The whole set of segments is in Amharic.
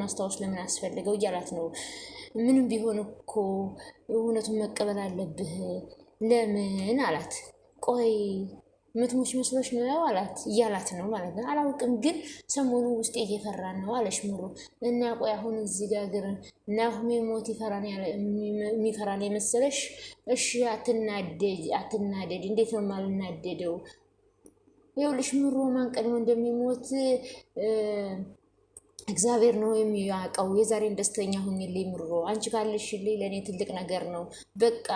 ማስታወስ ለምን አስፈልገው እያላት ነው። ምንም ቢሆን እኮ እውነቱን መቀበል አለብህ ለምን አላት። ቆይ ምትሞች መስሎች ነው አላት እያላት ነው ማለት ነው። አላውቅም ግን ሰሞኑ ውስጤ እየፈራ ነው አለሽ ሙሉ እና ቆይ አሁን እዚህ ጋ ግር ናሁሜ ሞት የሚፈራን የመሰለሽ? እሺ አትናደድ፣ አትናደድ። እንዴት ነው የማልናደደው? ይኸውልሽ ምሮ ማን ቀድሞ እንደሚሞት እግዚአብሔር ነው የሚያውቀው። የዛሬን ደስተኛ ሁኝልኝ ምሮ አንቺ ካለሽልኝ ለእኔ ትልቅ ነገር ነው። በቃ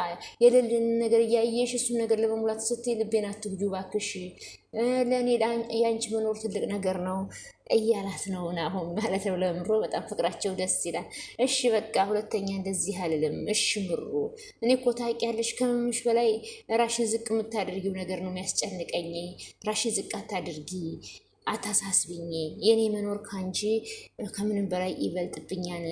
የሌለን ነገር እያየሽ እሱን ነገር ለመሙላት ስትይ ልቤን አትጉጁ እባክሽ፣ ለእኔ የአንቺ መኖር ትልቅ ነገር ነው እያላት ነው ናሆም ማለት ነው ለምሮ። በጣም ፍቅራቸው ደስ ይላል። እሺ በቃ ሁለተኛ እንደዚህ አልልም። እሺ ምሮ፣ እኔ እኮ ታውቂያለሽ፣ ከምምሽ በላይ ራሽን ዝቅ የምታደርጊው ነገር ነው የሚያስጨንቀኝ። ራሽን ዝቅ አታድርጊ አታሳስብኝ የእኔ መኖር ከአንቺ ከምንም በላይ ይበልጥብኛል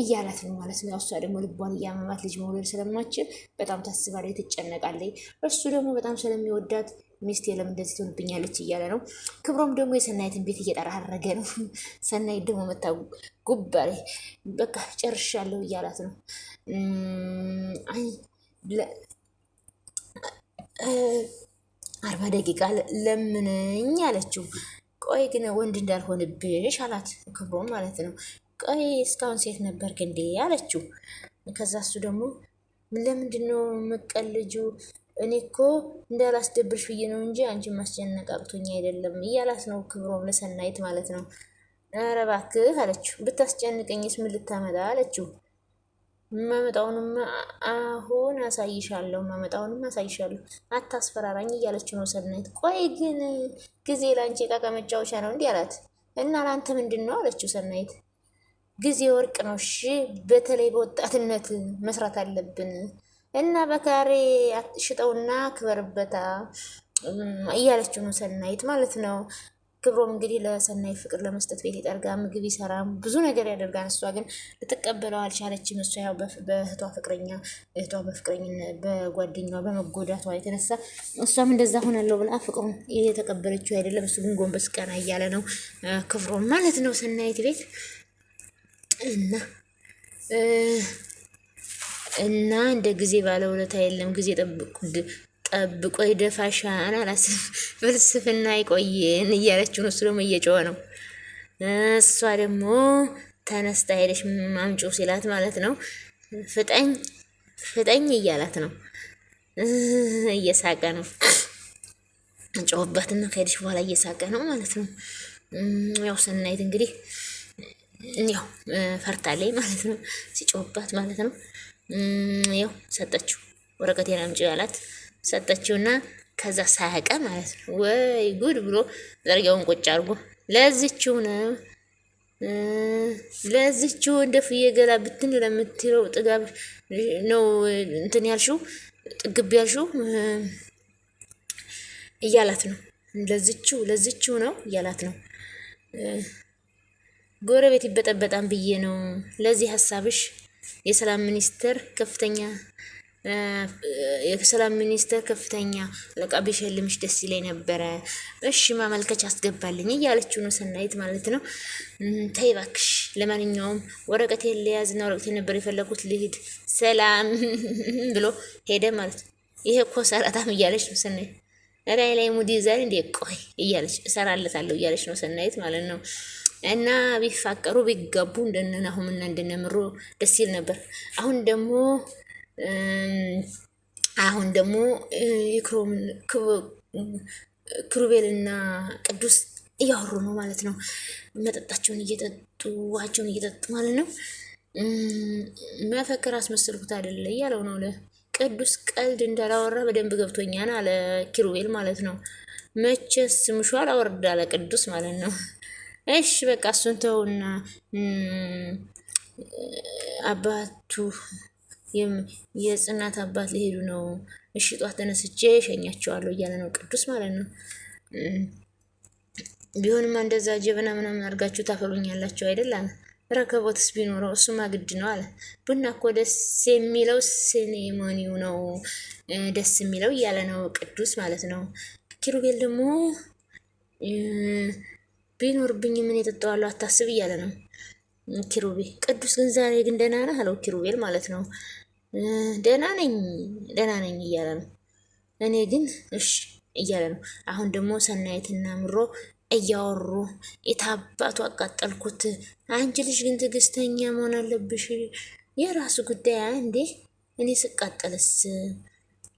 እያላት ነው ማለት ነው። እሷ ደግሞ ልቧን እያመማት ልጅ መውለድ ስለማችል በጣም ታስባለች፣ ትጨነቃለች። እሱ ደግሞ በጣም ስለሚወዳት ሚስት የለም እንደዚህ ትሆንብኛለች እያለ ነው። ክብሮም ደግሞ የሰናይትን ቤት እየጠራረገ ነው። ሰናይት ደግሞ መታ ጉባሌ በቃ ጨርሻለሁ እያላት ነው። አይ አርባ ደቂቃ ለምነኝ አለችው። ቆይ ግን ወንድ እንዳልሆንብሽ አላት፣ ክብሮም ማለት ነው። ቆይ እስካሁን ሴት ነበርክ እንዴ አለችው። ከዛ እሱ ደግሞ ለምንድን ነው መቀልጁ? እኔ እኮ እንዳላስደብርሽ ብዬ ነው እንጂ አንቺ ማስጨነቅ አቅቶኝ አይደለም እያላት ነው ክብሮም ለሰናይት ማለት ነው። ኧረ እባክህ አለችው። ብታስጨንቀኝስ ምን ልታመጣ አለችው። መመጣውንም አሁን አሳይሻለሁ፣ መመጣውንም አሳይሻለሁ፣ አታስፈራራኝ እያለች ነው ሰናይት። ቆይ ግን ጊዜ ለአንቺ ዕቃ ከመጫወቻ ነው እንዲህ አላት እና ለአንተ ምንድን ነው አለችው ሰናይት። ጊዜ ወርቅ ነው እሺ፣ በተለይ በወጣትነት መስራት አለብን እና በካሬ ሽጠውና ክበርበታ እያለችው ነው ሰናይት ማለት ነው። ክብሮም እንግዲህ ለሰናይ ፍቅር ለመስጠት ቤት ይጠርጋ ምግብ ይሰራ ብዙ ነገር ያደርጋል። እሷ ግን ልትቀበለው አልቻለችም። እሷ ያው በእህቷ ፍቅረኛ እህቷ በፍቅረኝ በጓደኛ በመጎዳቷ የተነሳ እሷም እንደዛ ሆናለሁ ብላ ፍቅሩን እየተቀበለችው አይደለም። እሱ ግን ጎንበስ ቀና እያለ ነው ክብሮም ማለት ነው ሰናይት ቤት እና እና እንደ ጊዜ ባለውለታ የለም ጊዜ ጠብቁ ጠብቆ ይደፋሻል አላት። ፍልስፍና ይቆየን እያለችው እሱ ደግሞ እየጮኸ ነው። እሷ ደግሞ ተነስታ ሄደች ማምጮ ሲላት ማለት ነው። ፍጠኝ ፍጠኝ እያላት ነው። እየሳቀ ነው። ጮኸባትና ከሄደች በኋላ እየሳቀ ነው ማለት ነው። ያው ሰናይት እንግዲህ ያው ፈርታለች ማለት ነው። ሲጮህባት ማለት ነው። ያው ሰጠችው ወረቀት የናምጪው ያላት ሰጠችውና ከዛ ሳያቀ ማለት ነው። ወይ ጉድ ብሎ ዘርጊያውን ቁጭ አድርጎ ለዝችው ነው ለዝችው እንደ ፍዬ ገላ ብትን ለምትለው ጥጋብ ነው እንትን ያልሽው ጥግብ ያልሽው እያላት ነው። ለዚችው ለዚችው ነው እያላት ነው። ጎረቤት ይበጠበጣም ብዬ ነው። ለዚህ ሀሳብሽ የሰላም ሚኒስቴር ከፍተኛ የሰላም ሚኒስተር ከፍተኛ አለቃ ቢሸልምሽ ደስ ይለኝ ነበረ፣ እሺ ማመልከቻ አስገባልኝ እያለችው ነው ሰናይት ማለት ነው። ተይ እባክሽ፣ ለማንኛውም ወረቀቴን ልያዝና ወረቀቴ ነበር የፈለጉት ልሂድ፣ ሰላም ብሎ ሄደ ማለት ነው። ይሄ እኮ ሰራታም እያለች ነው ሰናይት ራይ ላይ ሙዲ ዛሬ እንዴ ቆይ እያለች እሰራለታለሁ እያለች ነው ሰናይት ማለት ነው። እና ቢፋቀሩ ቢጋቡ እንደነ ናሁምና እንደነ ምሩ ደስ ይል ነበር። አሁን ደግሞ አሁን ደግሞ ክሩቤልና ቅዱስ እያወሩ ነው ማለት ነው። መጠጣቸውን እየጠጡ ውሃቸውን እየጠጡ ማለት ነው። መፈክር አስመስልኩት አይደለ እያለው ነው ለቅዱስ ቀልድ እንዳላወራ በደንብ ገብቶኛል አለ ኪሩቤል ማለት ነው። መቼስ ስምሹ አላወርድ አለ ቅዱስ ማለት ነው። እሺ በቃ እሱን ተውና አባቱ የጽናት አባት ሊሄዱ ነው። እሺ ጧት ተነስቼ እሸኛቸዋለሁ እያለ ነው ቅዱስ ማለት ነው። ቢሆንም እንደዛ ጀበና ምናምን አድርጋችሁ ታፈሉኛላችሁ አይደል? ረከቦትስ ቢኖረው እሱማ ግድ ነው አለ። ቡና እኮ ደስ የሚለው ሴሬሞኒው ነው ደስ የሚለው እያለ ነው ቅዱስ ማለት ነው። ኪሩቤል ደግሞ ቢኖርብኝ ምን የጠጣዋለሁ አታስብ እያለ ነው ኪሩቤል። ቅዱስ ግን ዛሬ ግን ደህና ነህ አለው ኪሩቤል ማለት ነው። ደህና ነኝ ደህና ነኝ እያለ ነው። እኔ ግን እሽ እያለ ነው። አሁን ደግሞ ሰናይትና ምሮ እያወሩ የታባቱ አቃጠልኩት። አንቺ ልጅ ግን ትዕግስተኛ መሆን አለብሽ። የራሱ ጉዳይ እንዴ! እኔ ስቃጠልስ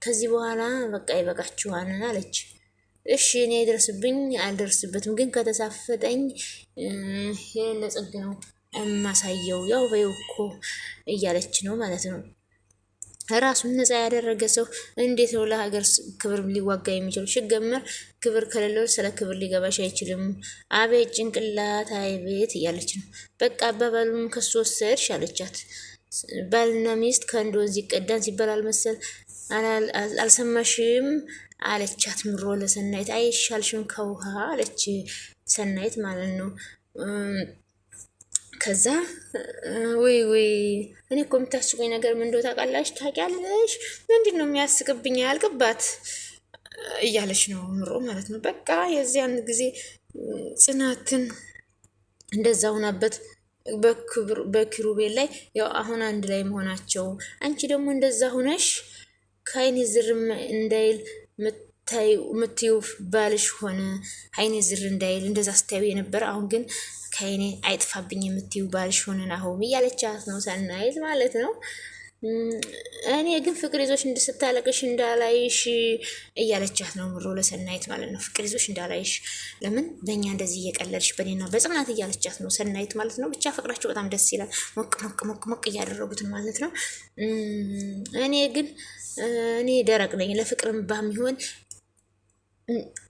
ከዚህ በኋላ በቃ ይበቃችኋል አለች። እሺ እኔ አይደርስብኝ አልደርስበትም፣ ግን ከተሳፈጠኝ ይህን ለጽግ ነው የማሳየው። ያው በይው እኮ እያለች ነው ማለት ነው። ራሱን ነፃ ያደረገ ሰው እንዴት ነው ለሀገር ክብር ሊዋጋ የሚችል? ሽገምር ክብር ከሌለው ስለ ክብር ሊገባሽ አይችልም። አቤት ጭንቅላት አይቤት እያለች ነው። በቃ አባባሉም ከሱ ወሰድሽ አለቻት። ባልና ሚስት ከአንድ ወንዝ ይቀዳን ሲባል አልመሰል አልሰማሽም አለቻት። ምሮ ለሰናይት አይሻልሽም ከውሃ አለች ሰናይት ማለት ነው። ከዛ ወይ ወይ እኔ እኮ የምታስቁኝ ነገር ምንዶ እንደው ታውቂያለሽ፣ ምንድን ነው የሚያስቅብኝ ያልቅባት እያለች ነው ምሮ ማለት ነው። በቃ የዚያን ጊዜ ጽናትን እንደዛ ሆናበት በኪሩቤል ላይ ያው አሁን አንድ ላይ መሆናቸው አንቺ ደግሞ እንደዛ ሆነሽ ከአይኔ ዝርም እንዳይል ተይ የምትይው ባልሽ ሆነ አይኔ ዝር እንዳይል እንደዛ ስታዩ የነበረ አሁን ግን ከአይኔ አይጥፋብኝ የምትይው ባልሽ ሆነ ናሆም እያለቻት ነው ሰናይት ማለት ነው። እኔ ግን ፍቅር ይዞሽ ስታለቅሽ እንዳላይሽ እያለቻት ነው ምሮ ለሰናይት ማለት ነው። ፍቅር ይዞሽ እንዳላይሽ ለምን በእኛ እንደዚህ እየቀለልሽ በኔና በጽናት እያለቻት ነው ሰናይት ማለት ነው። ብቻ ፍቅራቸው በጣም ደስ ይላል። ሞቅ ሞቅ ሞቅ ሞቅ እያደረጉት ማለት ነው። እኔ ግን እኔ ደረቅ ነኝ ለፍቅርም ባሚሆን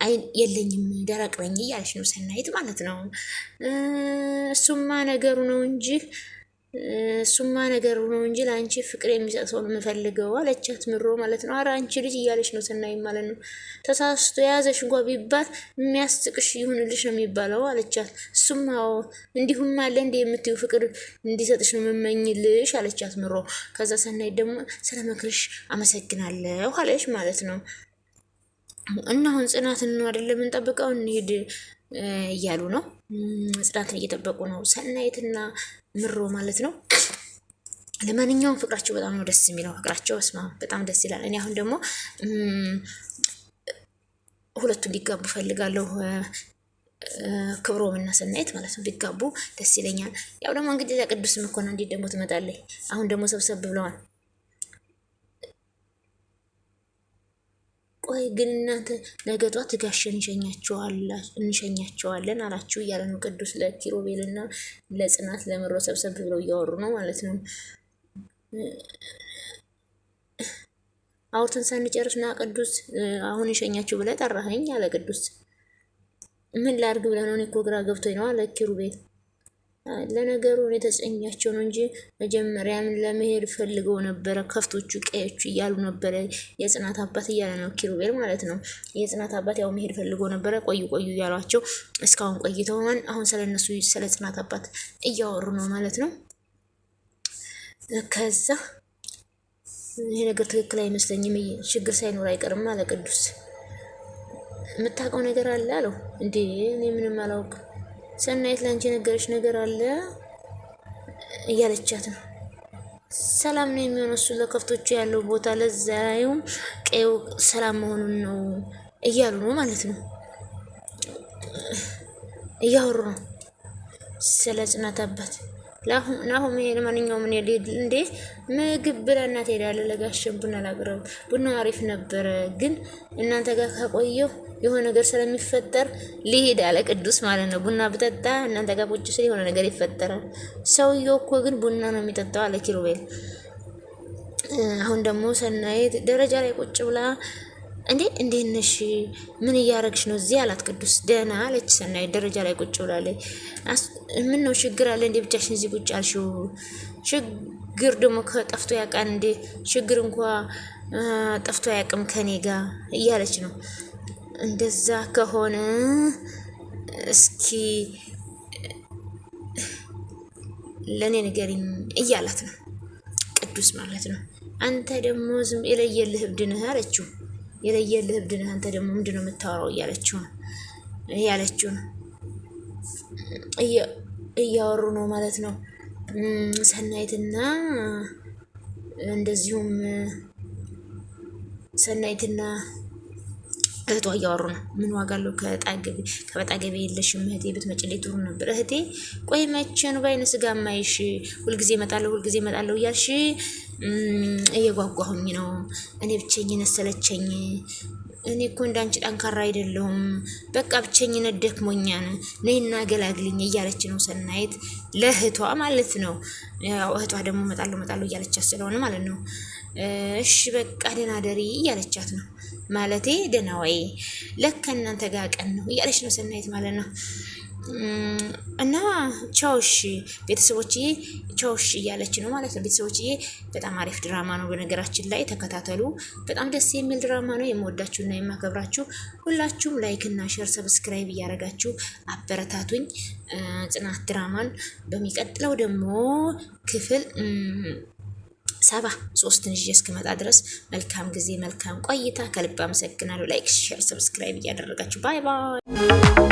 አይን የለኝም ደረቅ ነኝ እያለች ነው ሰናይት ማለት ነው። እሱማ ነገሩ ነው እንጂ እሱማ ነገሩ ነው እንጂ ለአንቺ ፍቅር የሚሰጥ ሰው ነው የምፈልገው አለቻት ምሮ ማለት ነው። አረ አንቺ ልጅ እያለች ነው ሰናይ ማለት ነው። ተሳስቶ የያዘሽ እንኳ ቢባል የሚያስቅሽ ይሁንልሽ ነው የሚባለው አለቻት። እሱማ እንዲሁም አለ እንደ የምትዩ ፍቅር እንዲሰጥሽ ነው የምመኝልሽ አለቻት ምሮ። ከዛ ሰናይ ደግሞ ስለመክርሽ አመሰግናለሁ አለሽ ማለት ነው። እና አሁን ጽናትን ነው አይደለም እንጠብቀው እንሂድ እያሉ ነው። ጽናትን እየጠበቁ ነው ሰናይትና ምሮ ማለት ነው። ለማንኛውም ፍቅራቸው በጣም ነው ደስ የሚለው። ፍቅራቸው ስማ በጣም ደስ ይላል። እኔ አሁን ደግሞ ሁለቱ እንዲጋቡ ፈልጋለሁ። ክብሮም እና ሰናይት ማለት ነው ቢጋቡ ደስ ይለኛል። ያው ደግሞ እንግዲህ ቅዱስም እኮ ነው። እንዴት ደግሞ ትመጣለች? አሁን ደግሞ ሰብሰብ ብለዋል። ቆይ ግን እናንተ ነገ ጧት እንሸኛቸዋለን አላችሁ እያለ ነው ቅዱስ ለኪሮቤልና ለጽናት ለምሮ ሰብሰብ ብለው እያወሩ ነው ማለት ነው። አውርተን ሳንጨርስ ና ቅዱስ አሁን እንሸኛችሁ ብለህ ጠራኸኝ አለ ቅዱስ። ምን ላድርግ ብለህ ነው? እኔ እኮ ግራ ገብቶኝ ነው አለ ኪሩቤል። ለነገሩ እኔ ተጸኛቸው ነው እንጂ መጀመሪያም ለመሄድ ፈልገው ነበረ። ከፍቶቹ ቀዮቹ እያሉ ነበረ። የጽናት አባት እያለ ነው ኪሩቤል ማለት ነው። የጽናት አባት ያው መሄድ ፈልገው ነበረ። ቆዩ ቆዩ እያሏቸው እስካሁን ቆይተውን፣ አሁን እነሱ ስለ ጽናት አባት እያወሩ ነው ማለት ነው። ከዛ ይሄ ነገር ትክክል አይመስለኝም። ችግር ሳይኖር አይቀርም አለ ቅዱስ። የምታውቀው ነገር አለ አለው። እንዴ እኔ ምንም አላውቅም ሰናይት ላንቺ የነገረች ነገር አለ እያለቻት ነው። ሰላም ነው የሚሆነው እሱ ለከፍቶቹ ያለው ቦታ ለዛዩም ቀዩ ሰላም መሆኑን ነው እያሉ ነው ማለት ነው እያወሩ ነው ስለ ጽናት አባት ናሁም ይሄ ማንኛውም እኔ እንዴ ምግብ ብላ እናት ሄዳለ ቡና ላቅርብ። ቡና አሪፍ ነበረ፣ ግን እናንተ ጋር ካቆየሁ የሆነ ነገር ስለሚፈጠር ልሂድ አለ ቅዱስ ማለት ነው። ቡና ብጠጣ እናንተ ጋር ቁጭ ስል የሆነ ነገር ይፈጠራል። ሰውየው እኮ ግን ቡና ነው የሚጠጣው አለ ኪሩቤል። አሁን ደግሞ ሰናይት ደረጃ ላይ ቁጭ ብላ እንዴ እንዴት ነሽ? ምን እያረግሽ ነው እዚህ አላት ቅዱስ። ደህና አለች ሰናይ። ደረጃ ላይ ቁጭ ብላለች። ምን ነው ችግር አለ እንዴ? ብቻሽን እዚህ ቁጭ አልሽው? ችግር ደግሞ ከጠፍቶ ያውቃል እንዴ? ችግር እንኳ ጠፍቶ አያውቅም ከኔ ጋር እያለች ነው። እንደዛ ከሆነ እስኪ ለእኔ ንገሪኝ እያላት ነው ቅዱስ ማለት ነው። አንተ ደግሞ ዝም የለየልህ እብድ ነህ አለችው። የለየልህ እብድ ነህ አንተ ደግሞ ምንድን ነው የምታወራው? እያለችው ነው እያለችው ነው እያወሩ ነው ማለት ነው። ሰናይትና እንደዚሁም ሰናይትና እህቷ እያወሩ ነው። ምን ዋጋ አለው ከበጣገቤ የለሽም እህቴ፣ ብትመጪልኝ ጥሩ ነበር እህቴ። ቆይ መቼ ነው በአይነ ስጋ ማይሽ? ሁልጊዜ እመጣለሁ፣ ሁልጊዜ እመጣለሁ እያልሽ እየጓጓሁኝ ነው። እኔ ብቸኝነት ሰለቸኝ። እኔ እኮ እንዳንቺ ጠንካራ አይደለሁም። በቃ ብቸኝነት ደክሞኛል፣ ነይና ገላግልኝ እያለች ነው ሰናይት ለእህቷ ማለት ነው። እህቷ ደግሞ መጣለሁ መጣለሁ እያለቻት ስለሆነ ማለት ነው። እሺ በቃ ደህና ደሪ እያለቻት ነው ማለቴ፣ ደህና ወይ ለካ እናንተ ጋር ቀን ነው እያለች ነው ሰናይት ማለት ነው። እና ቻውሽ ቤተሰቦችዬ፣ ቻውሽ እያለች ነው ማለት ነው። ቤተሰቦችዬ በጣም አሪፍ ድራማ ነው። በነገራችን ላይ ተከታተሉ። በጣም ደስ የሚል ድራማ ነው። የምወዳችሁና የማከብራችሁ ሁላችሁም ላይክ እና ሼር፣ ሰብስክራይብ እያደረጋችሁ አበረታቱኝ ጽናት ድራማን። በሚቀጥለው ደግሞ ክፍል ሰባ ሶስትን ይዤ እስክመጣ ድረስ መልካም ጊዜ፣ መልካም ቆይታ። ከልብ አመሰግናለሁ። ላይክ፣ ሼር፣ ሰብስክራይብ እያደረጋችሁ ባይ ባይ።